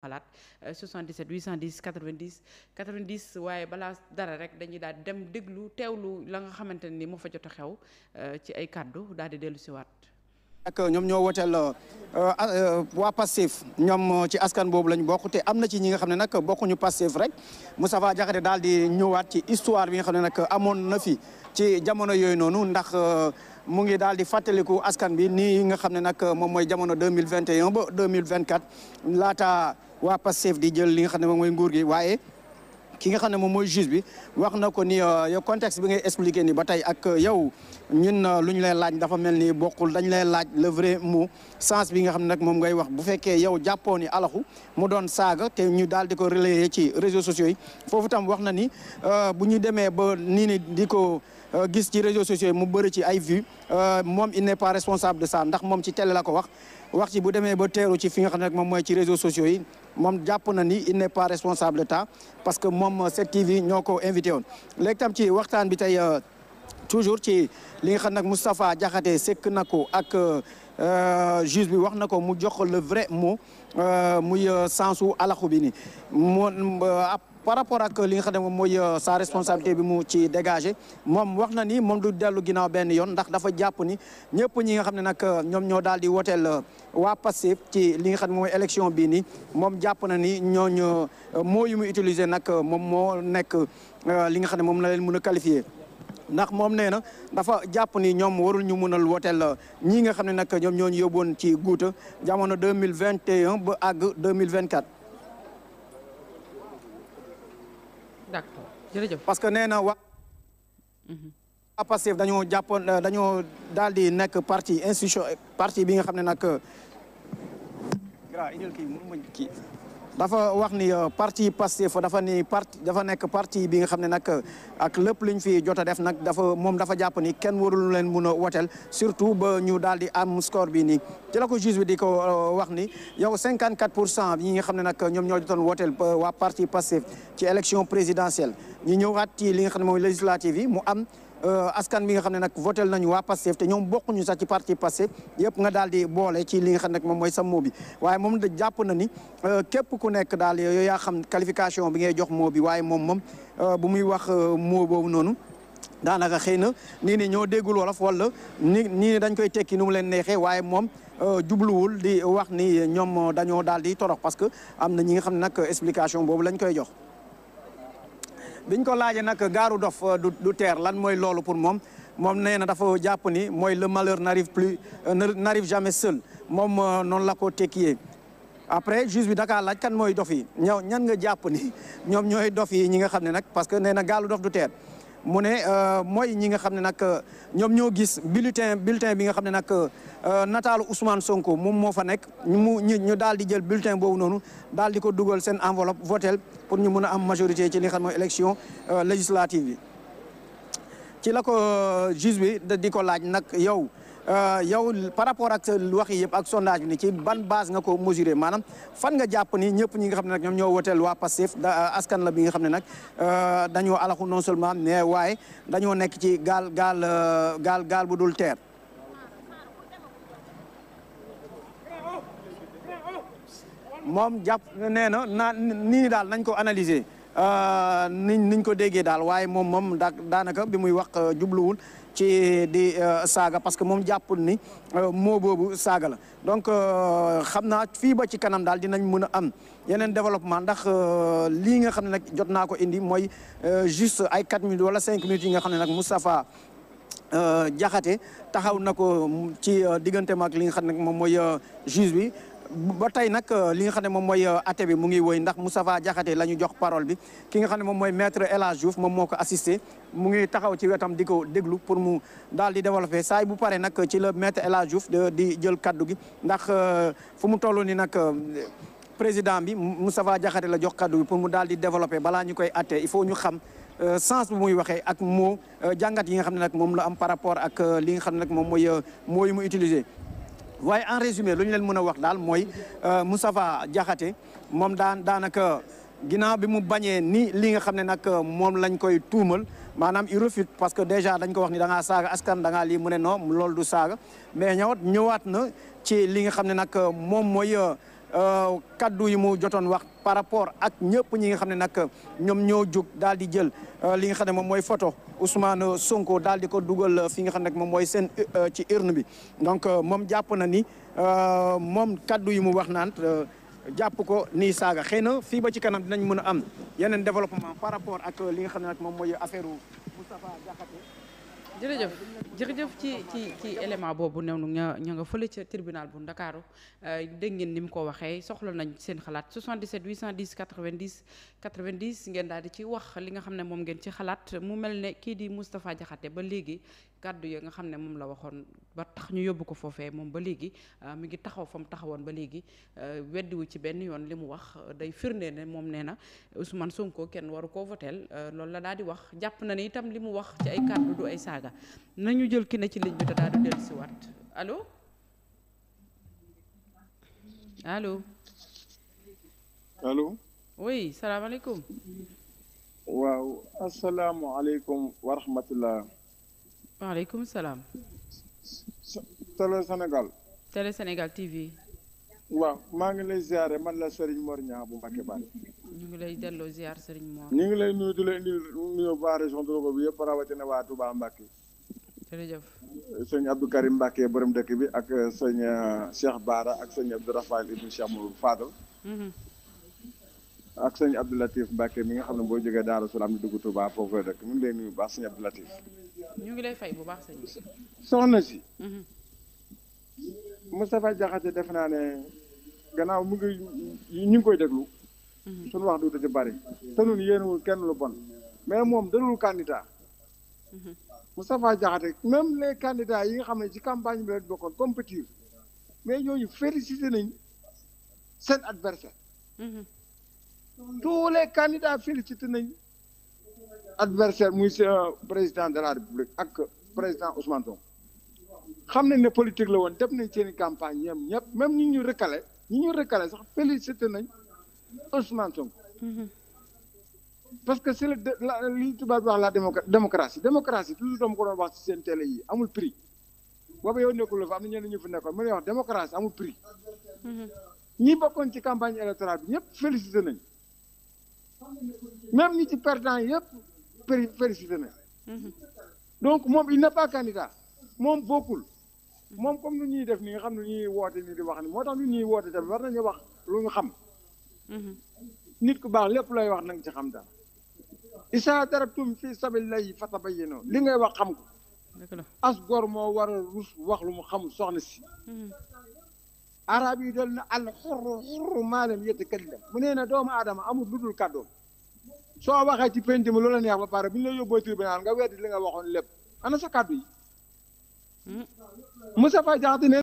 xalaat 77 810 90 90 waaye balaa dara rek dañuy daal dem déglu teewlu la nga xamante ni moo fa jot a xew euh, ci ay kàddu daal di dellu si waat ak ñoom ñoo woteel euh, euh, waa Pastef ñoom ci askan boobu lañ bokk te am na ci ñi nga xam ne nag bokkuñu Pastef rek mu Moustapha Diakhaté daal di ñëwaat ci histoire bi nga xam ne nag amoon na fi ci jamono yooyu noonu ndax mu ngi daal di fàttaliku askan bi nii nga xam ne nag moom mooy jamono deux vingt 2021 ba 2024 laata waa Pastef di jël li nga xam ne moom mooy nguur gi waaye ki nga xam ne moom mooy juge bi wax na ko ni euh, yow contexte bi ngay expliqué ni ba tey ak euh, yow ñun euh, lu ñu lay laaj dafa mel ni bokkul dañ lay laaj le vrai mot sens bi nga xam ne nag moom ngay wax bu fekkee yow jàppoo ni alaxu mu doon saaga te ñu daal di ko relayer ci réseaux sociaux yi foofu tam wax na ni bu ñu demee ba nii ni di ko gis ci réseaux sociaux yi mu bëri ci ay vues moom il n'est pas responsable de ça ndax moom ci télé la ko wax wax ci bu demee ba teeru ci fi nga xam ne nag moom mooy ci réseaux sociaux yi moom jàpp na ni il n'est pas responsable temps parce que moom 7TV euh, ñoo ko invité woon léegi tam ci waxtaan bi tey euh, toujours ci li nga xam nag Moustapha Diakhaté sekk na ko ak euh, juge bi wax na ko mu jox le vrai mot muy sensu alaxu bi ni par rapport ak li nga xam ne moom mooy euh, sa responsabilité bi mu ci dégagé moom wax na ni moom du dellu ginnaaw benn yoon ndax dafa jàpp ni ñëpp ñi nga xam ne nag euh, ñoom ñoo daal di woteel euh, waa Pastef ci li nga xam ne mooy élection bii nii moom jàpp na ni ñooñu moo yu mu utiliser nag moom moo nekk li nga xam ne moom la leen mën a qualifier ndax moom nee na dafa jàpp ni ñoom warul ñu mënal woteel ñii nga xam ne nag ñoom ñoo ñu yóbboon ci guuta jamono 2021 ba àgg 2024. d'accord jërëjëf parce que nee na mhm. waa Pastef dañoo jàppoon euh, dañoo daal di nekk parti institution parti bi nga xam ne nag. Euh, dafa wax ni euh, parti Pastef dafa ni parti dafa nekk parti bi nga xam ne nag euh, ak lépp luñ fi jot a def nag dafa moom dafa jàpp ni kenn warul leen mun a woteel surtout ba ñu daal di am score bi nii ci la ko juge bi di ko euh, wax ni yow 54 pour cent yi nga xam ne nag ñoom ñoo jotoon woteel waa parti Pastef ci élection présidentielle ñu ñëwaat ci li nga xam ne mooy législative yi mu am Euh, askan bi nga xam ne nag votel nañu waa Pastef te ñoom bokkuñu sax ci parti Pastef yëpp nga daal di boole ci li nga xam ne nag moom sa moo bi moom da jàpp na euh, képp ku nekk daal yooyu yaa xam qualification bi ngay jox moo bi waaye moom moom euh, bu muy wax moo boobu noonu daanaka xëy na nii ni ñoo déggul wolof wala ni nii dañ koy tekki nu mu leen neexee waaye moom jubluwul di wax ni ñoom dañoo daal di torox parce que am na ñi nga xam nag explication boobu lañ koy jox biñ ko laajee nag gaaru dof euh, du teer lan mooy loolu pour moom moom nee na dafa jàpp ni mooy le malheur n'arrive plus euh, n'arrive jamais seul moom euh, noonu la ko tekkiyee après juge bi dakaa laaj kan mooy dof yi ñow ñan jàpp ni ñoom ñooy dof yi ñi nga xam ne nag parce que nee na gaalu dof du teer mu ne euh, mooy ñi nga xam ne nag euh, ñoom ñoo gis bulletin bulletin bi nga xam ne nag euh, nataalu Ousmane Sonko moom moo fa nekk mu ñu daal di jël bulletin boobu noonu daal di ko dugal seen enveloppe votel pour ñu mun a am majorité ci li nga xam mooy élection législative yi. ci la ko juge bi di ko laaj nag yow. Euh, yow par rapport ak wax yi ak sondage bi ni ci ban base nga ko mesurer maanaam fan nga jàpp ni ñëpp ñi nga xam ne nag ñoom ñoo woteel wa Pastef euh, askan la bi nga xam ne nag euh, dañoo alaxu non seulement mais waaye dañoo nekk ci gaal gaal gaal gaal bu dul teer moom jàpp nee na naa nii daal nañ ko analyser Euh, niñ niñ ko déggee daal waaye moom moom daanaka bi muy wax euh, jubluwul ci di euh, saaga parce que moom jàppul ni moo boobu saaga la donc xam naa fii ba ci kanam daal dinañ mën a am yeneen développement ndax lii nga xam ne nag jot naa ko indi mooy juste ay 4 minutes wala cinq minutes yi nga xam ne nag Moustapha Diakhaté taxaw na ko ci digganteem ak li nga xam ne moom mooy juge bi. ba tey nag euh, li nga xam ne moom mooy euh, atte bi mu ngi woy ndax Moustapha Diakhaté la ñu jox parole bi ki nga xam ne moom mooy maître El Hadj ko assisté mu ngi taxaw ci wetam di déglu pour mu daal di développé saa bu pare nag ci la maître El Hadj Diouf di jël kaddu gi ndax euh, fu mu toll ni nag président bi Moustapha Diakhaté la jox kaddu bi pour mu daal di développé balaa ñu koy atte il faut ñu xam sens bu muy waxee ak moo jàngat yi nga xam ne nag moom la am par rapport ak li nga xam nag moom mooy mooyu mu utilisé waaye en résumé lu ñu leen mën a wax daal mooy euh, Moustapha Diakhaté moom daan daanaka ginnaaw bi mu bañee ni li nga xam ne nag euh, moom lañ koy tuumal maanaam il refute parce que déjà dañ ko wax ni da ngaa saaga askan da ngaa lii mu ne non loolu du saaga mais ñëwaat ñëwaat na ci li nga xam ne nag euh, moom mooy. Euh, kaddu yi mu jotoon wax par rapport ak ñëpp ñi nga xam ne nag ñoom ñoo jóg daal di jël euh, li nga xam ne moom mooy photo Ousmane Sonko daal di ko dugal euh, fi nga xam ne moom mooy seen ci urne bi donc moom jàpp na ni moom kaddu yi mu wax naan jàpp ko nii saaga xëy na fii ba ci kanam dinañ mën a am yeneen développement par rapport ak li nga xam ne nag moom mooy affaire Moustapha Diakhaté jërëjëf jërëjëf ci ci ci élément boobu new ña ña nga fële ca tribunal bu Ndakaaru euh, dégg ngeen ni mu ko waxee soxla nañ seen xalaat 77 810 90 90 ngeen daal di ci wax li nga xam ne moom ngeen ci xalaat mu mel ne kii di Moustapha Diakhaté ba léegi kàddu ya nga xam ne moom la waxoon ba tax ñu yóbbu ko foofee moom ba léegi euh, mi ngi taxaw fa mu taxawoon ba léegi euh, weddiwu ci benn yoon li mu wax day firnde ne moom nee na Ousmane Sonko kenn waru koo voteel euh, loolu la daal di wax jàpp na ne itam li mu wax ci ay kàddu du ay saaga nañu jël ki ne ci ligne bi te daal di dellu si waat allo allo. allo. oui salaamaaleykum. waaw waaleykum salaam. Télé Sénégal. Télé Sénégal TV. waaw maa ngi lay ziare man la Serigne Mor Niang bu Mbacké Bari. ñu ngi lay delloo ziar Serigne Mor. ñu ngi lay nuyu di leen nuyu waa région de bi yëpp rawatina waa Touba Mbacké. jërëjëf. sëñ Abdou Karim Mbacké borom dëkk bi ak sëñ euh, Cheikh Baara ak sëñ Abdou Rafael ibn Cheikh Mourou Fadal. Mm-hmm. ak sëñ Abdou Latif Mbacké mi nga xam ne boo jógee Daarou Salaam di dugg Touba foofu la dëkk mi ngi nuyu baax sëñ Abdou Latif. ñu ngi lay fay bu baax sëñ bi. soxna si. Mhm. Moustapha Diakhaté def naa ne gannaaw mu ngi ñu ngi koy déglu. Mhm. suñu wax du ci bari. te ñun yéenewul kenn lu bon. mais moom dalul candidat. Mhm. Moustapha Diakhaté même les candidats yi nga xam ne ci campagne bi lañ bokkoon compétir mais ñooñu félicité nañ sen adversaire. tous les candidats félicité nañ. adversaire muy président de la république ak président Ousmane Sonko xam nañ ne politique la woon dem nañ seen i campagne ñoom ñëpp même ñi ñu recalé ñi ñu recalé sax félicité nañ Ousmane Sonko mhm. parce que c'est la li tubaab wax la démocratie démocratie toujours dama ko doon wax seen télé yi amul prix booba yow nekkul fa am na ñu fi nekkoon mu ne wax démocratie amul prix mhm. ñi bokkoon ci campagne électorale bi ñëpp félicité nañ même ñi ci perdant yëpp félicité na mhm. donc moom il n'est moom bokkul mhm. moom comme nu ñuy def ni nga xam ne ñuy woote ni di wax ni moo tax lu ñuy woote tamit war nañu wax lu ñu xam mhm. nit ku baax lépp lay wax nanga ci xam dara isaa darabtum fi sabilillahi fatabayyanu li ngay wax xam ko as gor moo war a wax lu mu xamul soxna si arab yi dal na al xurru xurru maalam yatakallam mu nee na doomu aadama amul lu dul kàddoom soo waxee ci penc mi loola neex ba pare bu ñu la yóbboo tribunal nga weddi li nga waxoon lépp ana sa kàddu yi hmm. Moustapha Diakhaté ne